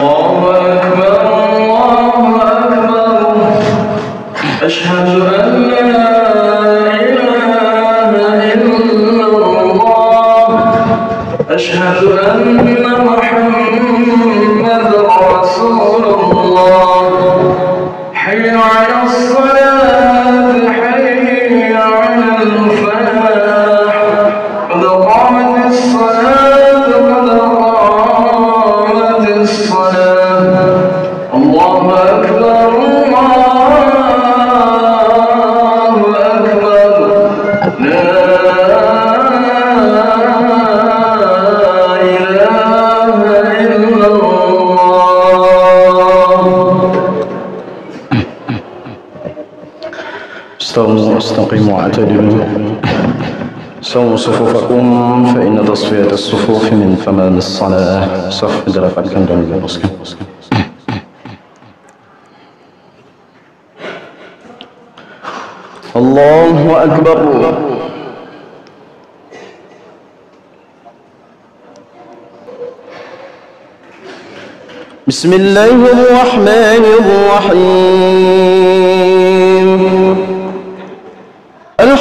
الله أكبر الله أكبر أشهد أن لا إله إلا الله أشهد أن واستقيموا واعتدلوا سووا صفوفكم فإن تصفية الصفوف من ثمن الصلاة صف درف الكندم المسلم الله أكبر بسم الله الرحمن الرحيم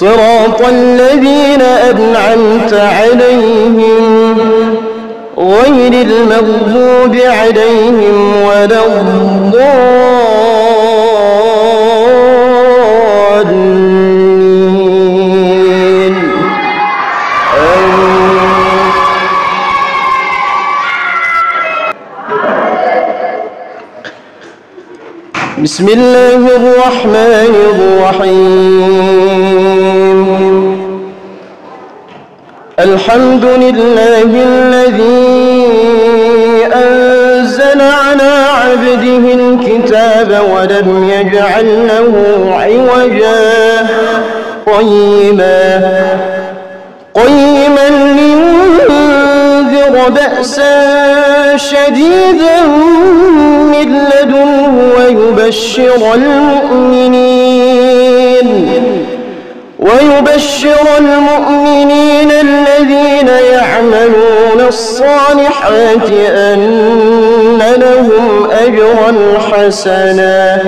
صراط الذين أنعمت عليهم غير المغضوب عليهم ولا الضالين بسم الله الرحمن الرحيم الحمد لله الذي أنزل على عبده الكتاب ولم يجعل له عوجا قيما قيما لينذر بأسا شديدا من لدنه ويبشر المؤمنين يبشر المؤمنين الذين يعملون الصالحات أن لهم أجرا حسنا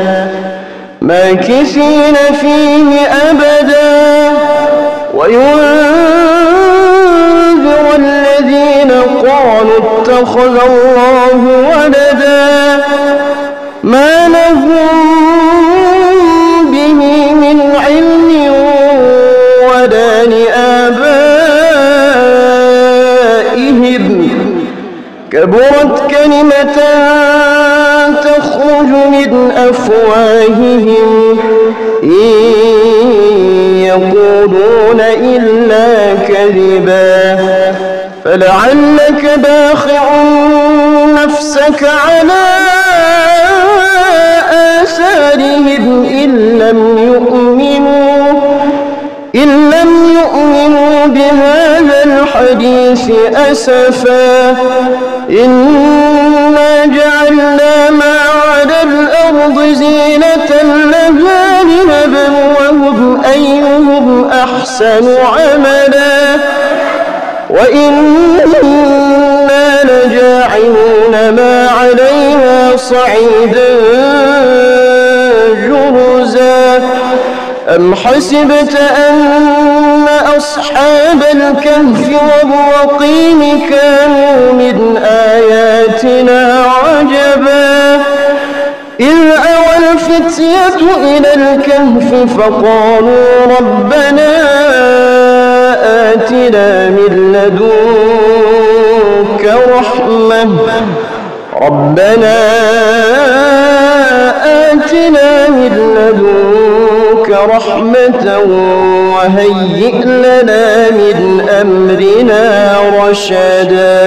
ماكثين فيه أبدا وينذر الذين قالوا اتخذ الله ولدا ما لهم كبرت كلمة تخرج من أفواههم إن يقولون إلا كذبا فلعلك باخع نفسك على آثارهم إن لم يؤمنوا إن لم يؤمنوا بهذا الحديث أسفا إنا جعلنا ما على الأرض زينة لها لنبلوهم أيهم أحسن عملا وإنا لجاعلون ما عليها صعيدا جرزا أم حسبت أن أصحاب الكهف والرقيم كانوا الجارية إلى الكهف فقالوا ربنا آتنا من لدنك رحمة ربنا آتنا من لدنك رحمة وهيئ لنا من أمرنا رشدا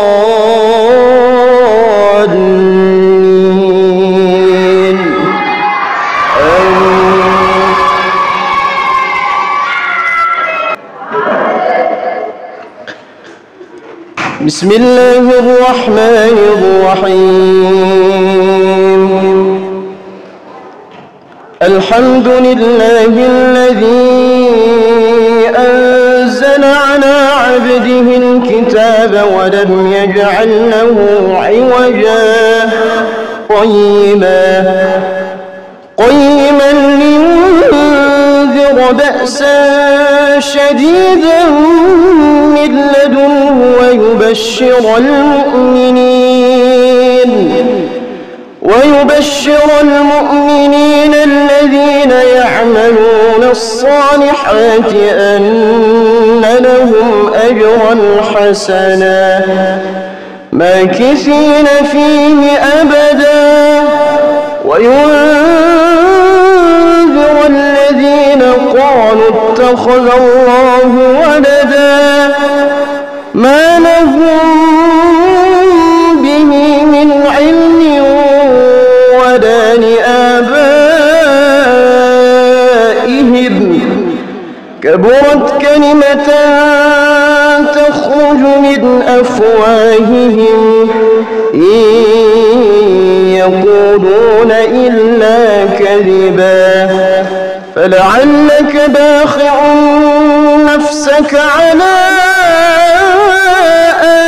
بسم الله الرحمن الرحيم الحمد لله الذي أنزل على عبده الكتاب ولم يجعل له عوجا قيما قيما بأسا شديدا من لدنه ويبشر المؤمنين ويبشر المؤمنين الذين يعملون الصالحات أن لهم أجرا حسنا ماكثين فيه أبدا وينذر الذين قالوا اتخذ الله ولدا ما لهم به من علم ولا لآبائهم كبرت كلمة تخرج من أفواههم إن يقولون إلا كذباً فلعلك باخع نفسك على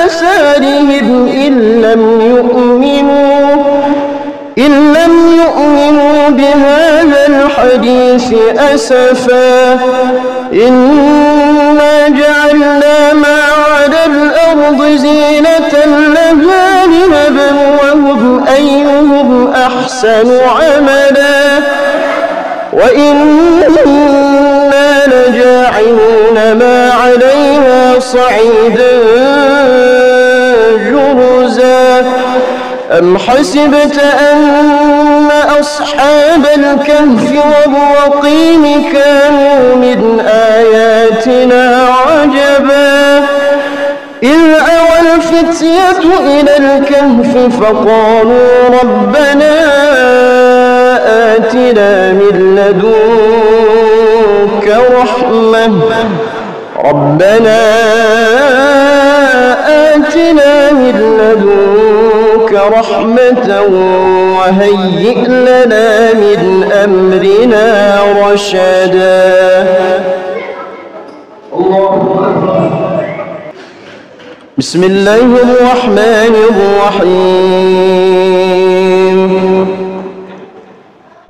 آثارهم إن لم يؤمنوا إن لم يؤمنوا بهذا الحديث أسفا إنا جعلنا ما على الأرض زينة لها لنبلوهم أيهم أحسن عملاً وإنا لجاعلون ما عليها صعيدا جرزا أم حسبت أن أصحاب الكهف والرقيم كانوا من آياتنا عجبا إذ أوى الفتية إلى الكهف فقالوا ربنا آتنا من لدنك رحمة ربنا آتنا من لدنك رحمة وهيئ لنا من أمرنا رشدا بسم الله الرحمن الرحيم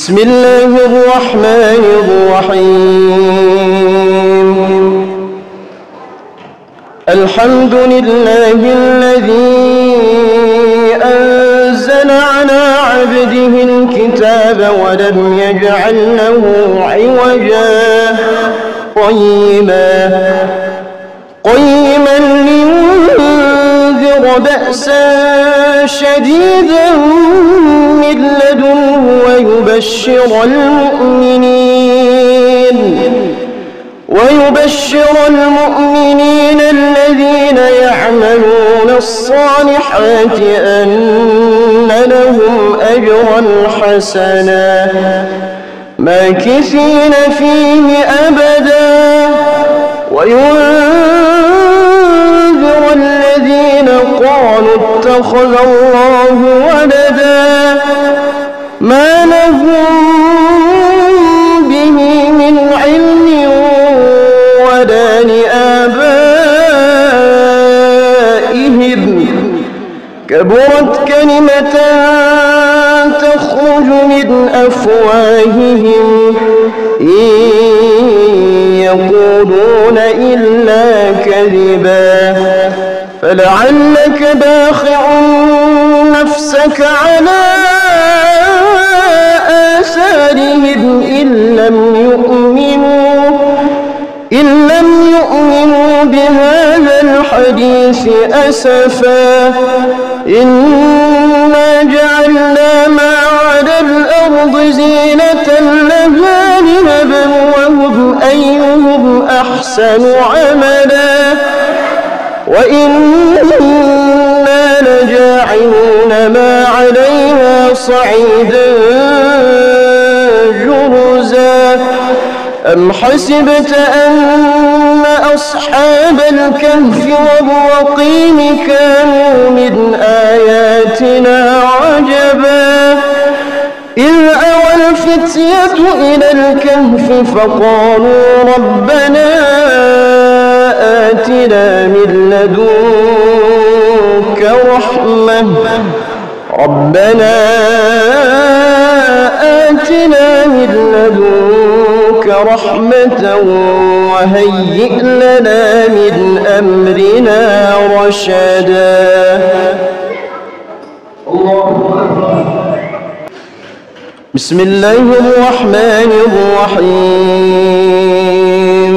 بسم الله الرحمن الرحيم الحمد لله الذي أنزل على عبده الكتاب ولم يجعل له عوجا قيما قيما لينذر بأسا شديدا من ويبشر المؤمنين ويبشر المؤمنين الذين يعملون الصالحات أن لهم أجرا حسنا ماكثين فيه أبدا وينذر الذين قالوا اتخذ الله ولدا ما لهم به من علم ولا لآبائهم كبرت كلمة تخرج من أفواههم إن يقولون إلا كذبا فلعلك باخع نفسك على الحديث أسفا إنا جعلنا ما على الأرض زينة لها لنبلوهم أيهم أحسن عملا وإنا لجاعلون ما عليها صعيدا جرزا أم حسبت أن أصحاب الكهف والرقيم كانوا من آياتنا عجبا إذ أوى الفتية إلى الكهف فقالوا ربنا آتنا من لدنك رحمة ربنا آتنا من لدنك رحمة وهيئ لنا من أمرنا رشدا بسم الله الرحمن الرحيم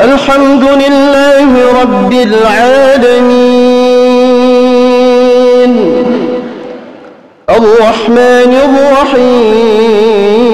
الحمد لله رب العالمين الرحمن الرحيم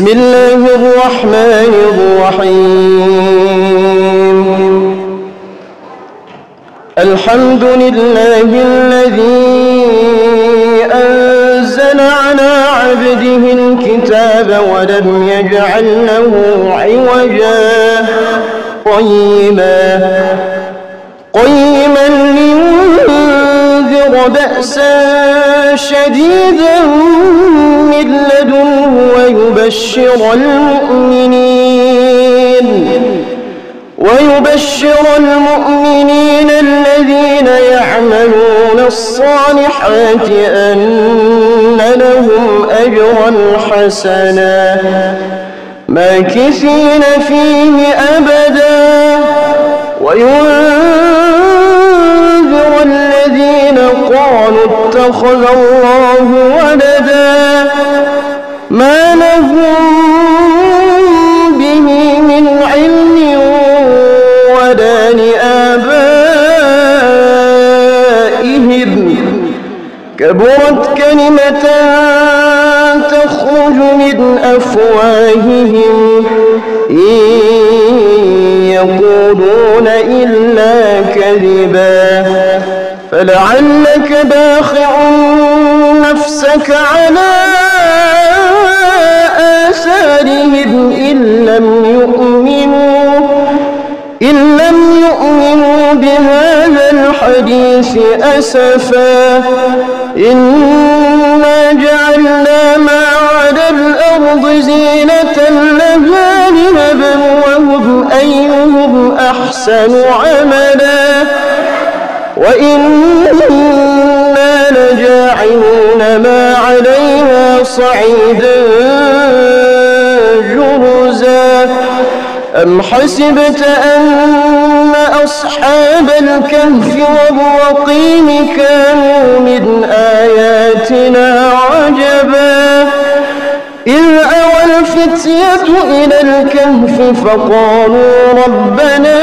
بسم الله الرحمن الرحيم الحمد لله الذي أنزل على عبده الكتاب ولم يجعل له عوجا قيما قيما لينذر بأسا شديدا ويبشر المؤمنين ويبشر المؤمنين الذين يعملون الصالحات أن لهم أجرا حسنا ماكثين فيه أبدا وينذر الذين قالوا اتخذ الله ولدا ما لهم به من علم ولا لآبائهم كبرت كلمة تخرج من أفواههم إن يقولون إلا كذبا فلعلك باخع نفسك على آثارهم إن لم يؤمنوا إن لم يؤمنوا بهذا الحديث أسفا إنا جعلنا ما على الأرض زينة لها لنبلوهم أيهم أحسن عملا وإنا لجاعلون ما عليها صعيدا أم حسبت أن أصحاب الكهف والرقيم كانوا من آياتنا عجبا إذ أوى الفتية إلى الكهف فقالوا ربنا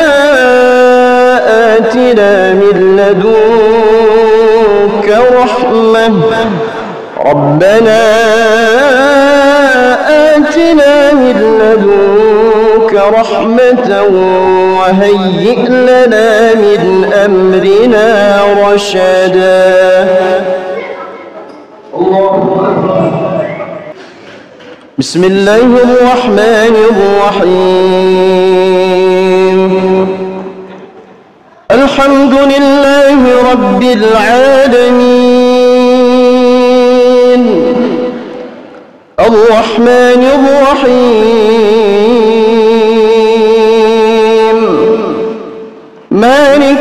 آتنا من لدنك رحمة ربنا آتنا من لدنك ربك رحمة وهيئ لنا من أمرنا رشدا بسم الله الرحمن الرحيم الحمد لله رب العالمين الرحمن الرحيم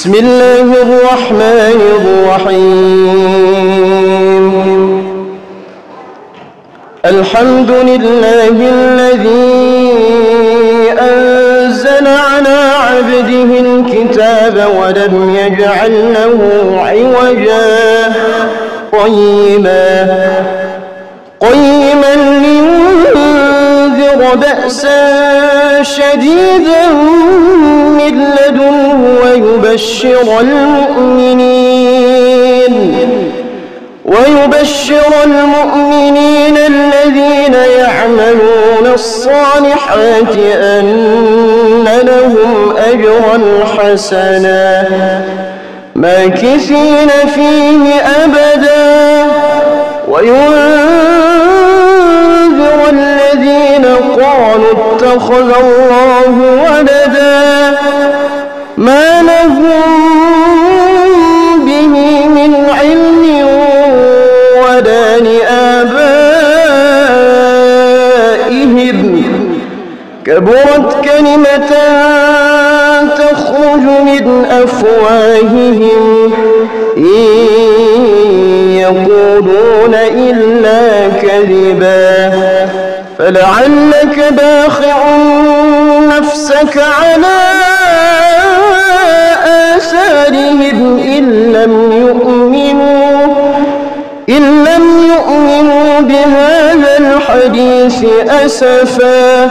بسم الله الرحمن الرحيم الحمد لله الذي أنزل على عبده الكتاب ولم يجعل له عوجا قيما قيما لينذر بأسا شديدا من ويبشر المؤمنين ويبشر المؤمنين الذين يعملون الصالحات أن لهم أجرا حسنا ماكثين فيه أبدا وينذر الذين قالوا اتخذ الله ولدا ما لهم به من علم ولا لآبائهم كبرت كلمة تخرج من أفواههم إن يقولون إلا كذبا فلعلك باخع نفسك على أَبْصَارِهِمْ إن لم يؤمنوا إن لم يؤمنوا بهذا الحديث أسفا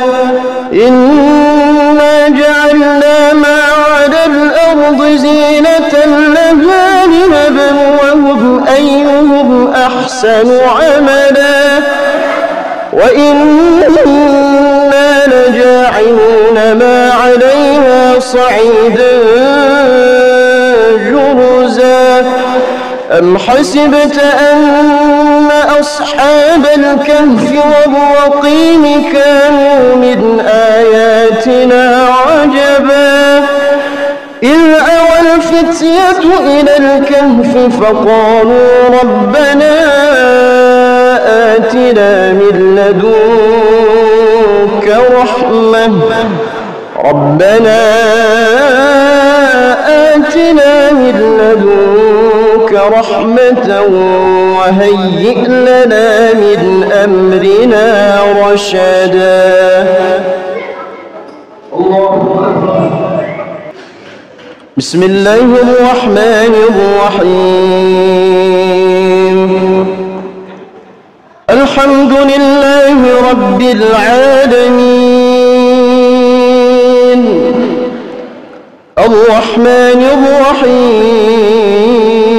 إنا جعلنا ما على الأرض زينة لها لنبلوهم أيهم أحسن عملا وإنا لجاعلون ما عليها صعيدا أم حسبت أن أصحاب الكهف والرقيم كانوا من آياتنا عجبا إذ أوى الفتية إلى الكهف فقالوا ربنا آتنا من لدنك رحمة ربنا آتنا من لدنك ربك رحمة وهيئ لنا من أمرنا رشدا بسم الله الرحمن الرحيم الحمد لله رب العالمين الرحمن الرحيم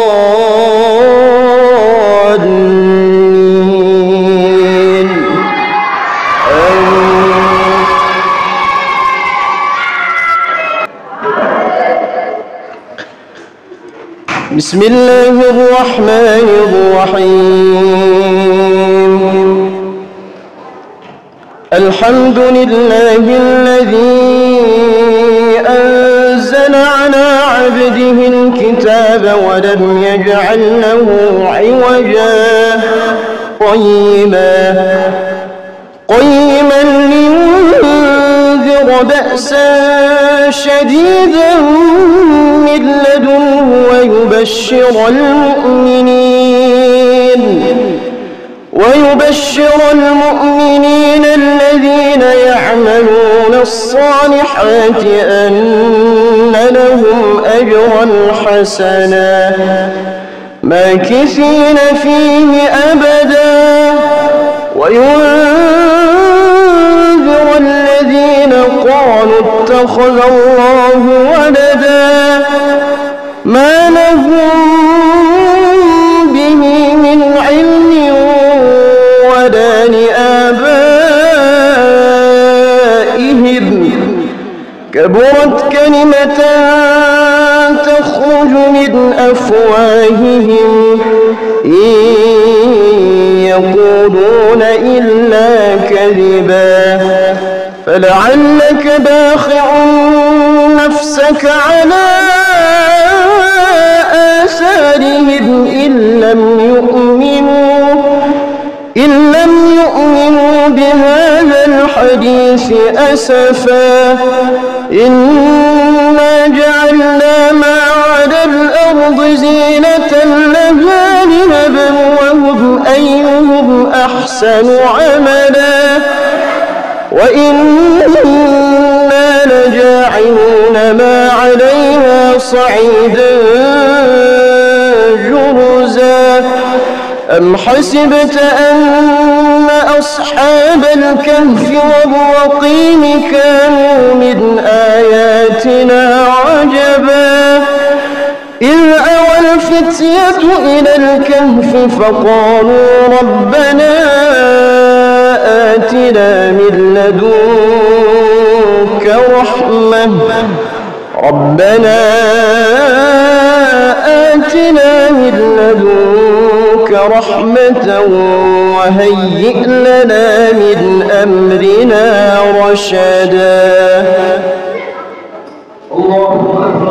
بسم الله الرحمن الرحيم الحمد لله الذي أنزل على عبده الكتاب ولم يجعل له عوجا قيما قيما لينذر بأسا شديدا ويبشر المؤمنين ويبشر المؤمنين الذين يعملون الصالحات أن لهم أجرا حسنا ماكثين فيه أبدا وينذر الذين قالوا اتخذ الله أفواههم إن يقولون إلا كذبا فلعلك باخع نفسك على آثارهم إن لم يؤمنوا إن لم يؤمنوا بهذا الحديث أسفا إنا جعلنا ما الأرض زينة لها لنبلوهم أيهم أحسن عملا وإنا لجاعلون ما عليها صعيدا جرزا أم حسبت أن أصحاب الكهف والرقيم كانوا من آياتنا عجباً إذ أوى الفتية إلى الكهف فقالوا ربنا آتنا من لدنك رحمة ربنا آتنا من لدنك رحمة وهيئ لنا من أمرنا رشدا الله أكبر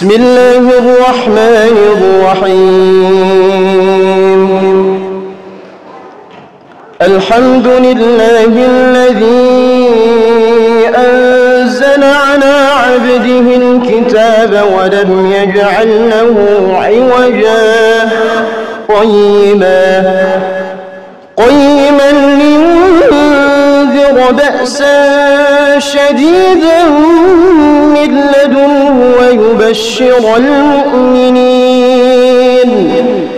بسم الله الرحمن الرحيم الحمد لله الذي أنزل على عبده الكتاب ولم يجعل له عوجا قيما قيما لينذر بأسا شديدا من لدنه ويبشر المؤمنين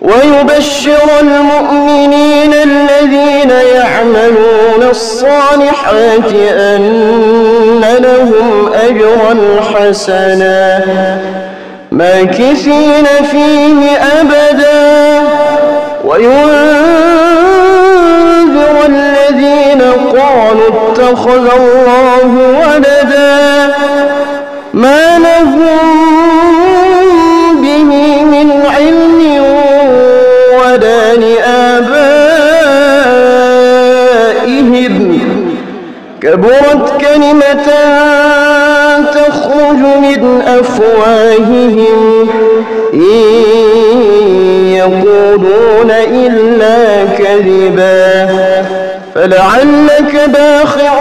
ويبشر المؤمنين الذين يعملون الصالحات أن لهم أجرا حسنا ماكثين فيه أبدا وينذر الذين قالوا اتخذ الله ولدا ما لهم به من علم ولا لآبائهم كبرت كلمة تخرج من أفواههم إن يقولون إلا كذبا فلعلك باخع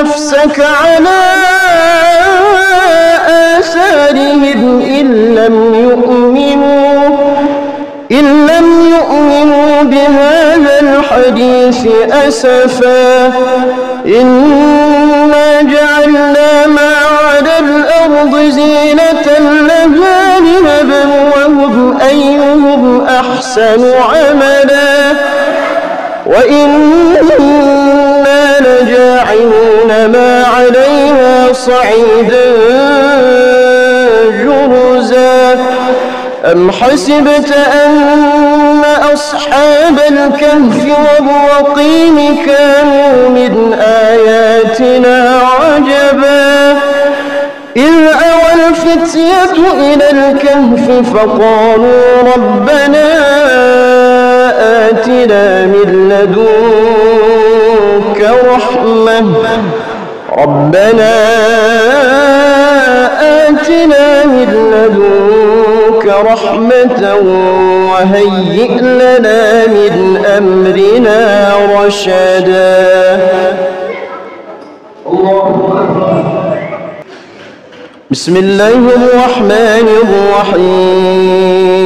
نفسك على آثارهم إن لم يؤمنوا إن لم يؤمنوا بهذا الحديث أسفا إنا جعلنا ما على الأرض زينة لها لنبلوهم أيهم أحسن عملا وإن كان جاعلون ما عليها صعيدا جرزا أم حسبت أن أصحاب الكهف والرقيم كانوا من آياتنا عجبا إذ أوى الفتية إلى الكهف فقالوا ربنا آتنا من لدنك منك رحمة ربنا آتنا من لدنك رحمة وهيئ لنا من أمرنا رشدا بسم الله الرحمن الرحيم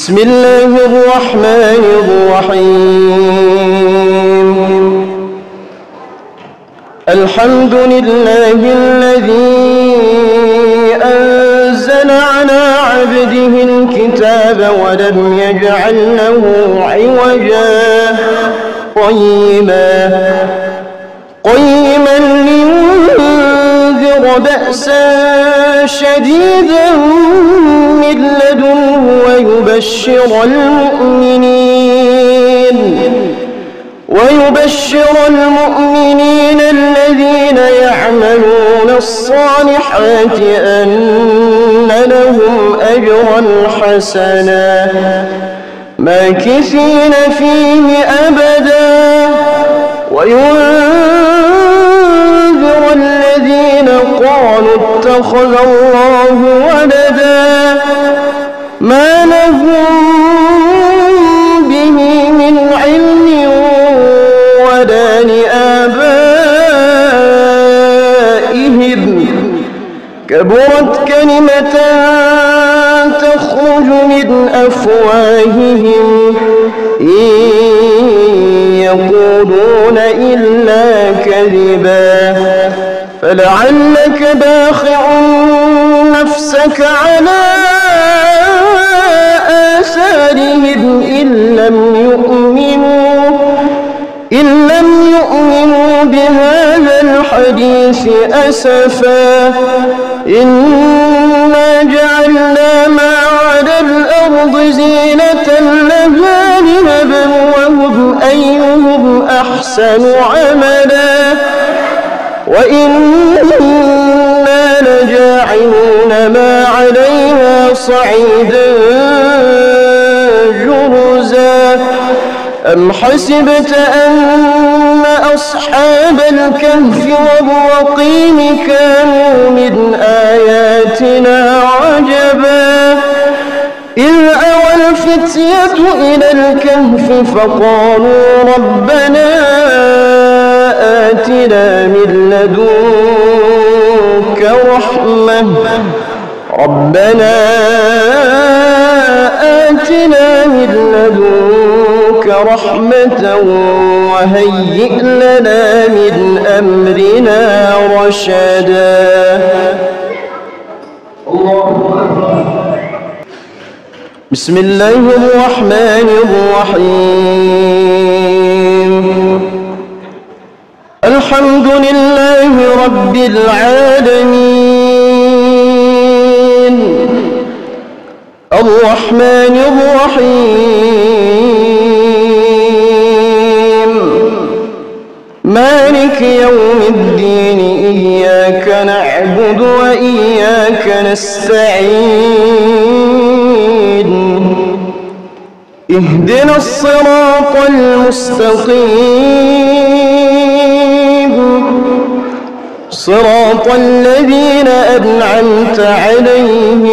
بسم الله الرحمن الرحيم الحمد لله الذي أنزل على عبده الكتاب ولم يجعل له عوجا قيما قيما لينذر بأسا شديدا من ويبشر المؤمنين ويبشر المؤمنين الذين يعملون الصالحات أن لهم أجرا حسنا ماكثين فيه أبدا وينذر الذين قالوا اتخذ الله ولدا ما لهم به من علم ولا لآبائهم كبرت كلمة تخرج من أفواههم إن يقولون إلا كذبا فلعلك باخع نفسك على آثارهم إن لم يؤمنوا إن لم يؤمنوا بهذا الحديث أسفا إنا جعلنا ما على الأرض زينة لها لنبلوهم أيهم أحسن عملا وإنا لجاعلون ما عليها صعيدا أم حسبت أن أصحاب الكهف والرقيم كانوا من آياتنا عجبا إذ أوى الفتية إلى الكهف فقالوا ربنا آتنا من لدنك رحمة ربنا آتنا من لدنك رحمة وهيئ لنا من أمرنا رشدا بسم الله الرحمن الرحيم الحمد لله رب العالمين الرحمن الرحيم مالك يوم الدين إياك نعبد وإياك نستعين اهدنا الصراط المستقيم صراط الذين أنعمت عليهم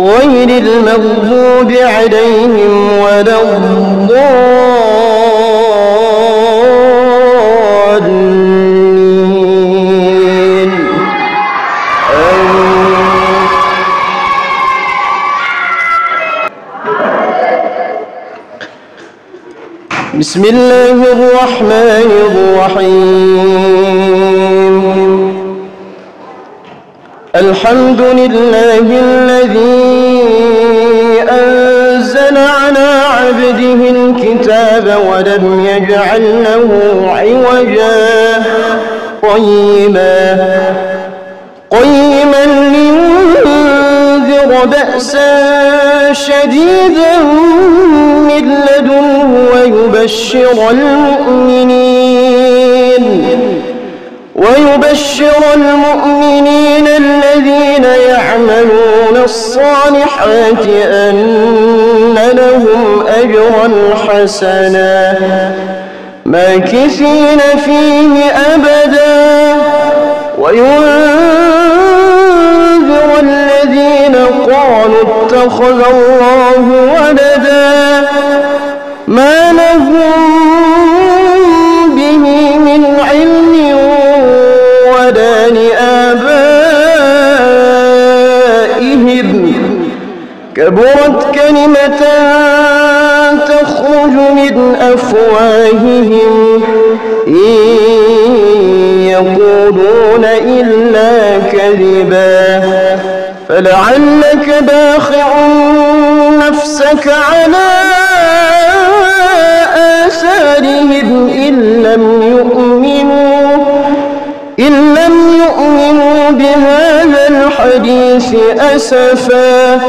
غير المغضوب عليهم ولا الضالين بسم الله الرحمن الرحيم الحمد لله الذي أنزل على عبده الكتاب ولم يجعل له عوجا قيما قيما لينذر بأسا شديدا من لدنه ويبشر المؤمنين ويبشر المؤمنين الذين يعملون الصالحات أن لهم أجرا حسنا ماكثين فيه أبدا وينذر الذين قالوا اتخذ الله ولدا ما لهم كبرت كلمة تخرج من أفواههم إن يقولون إلا كذبا فلعلك باخع نفسك على آثارهم إن لم يؤمنوا إن لم يؤمنوا بهذا الحديث أسفا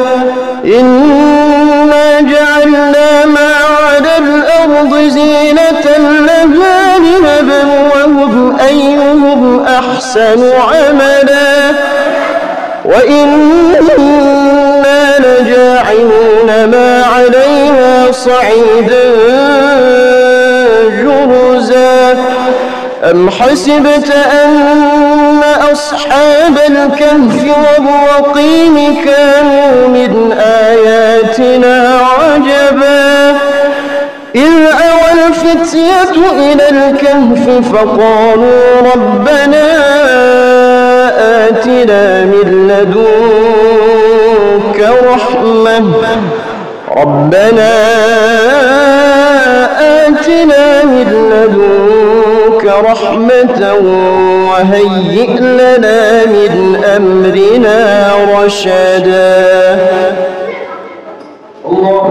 إنا جعلنا ما على الأرض زينة لها لنبلوهم أيهم أحسن عملا وإنا لجاعلون ما عليها صعيدا جرزا أم حسبت أن أصحاب الكهف والرقيم كانوا من آياتنا عجبا إذ أوى الفتية إلى الكهف فقالوا ربنا آتنا من لدنك رحمة ربنا آتنا من لدنك رحمة وهيئ لنا من أمرنا رشدا الله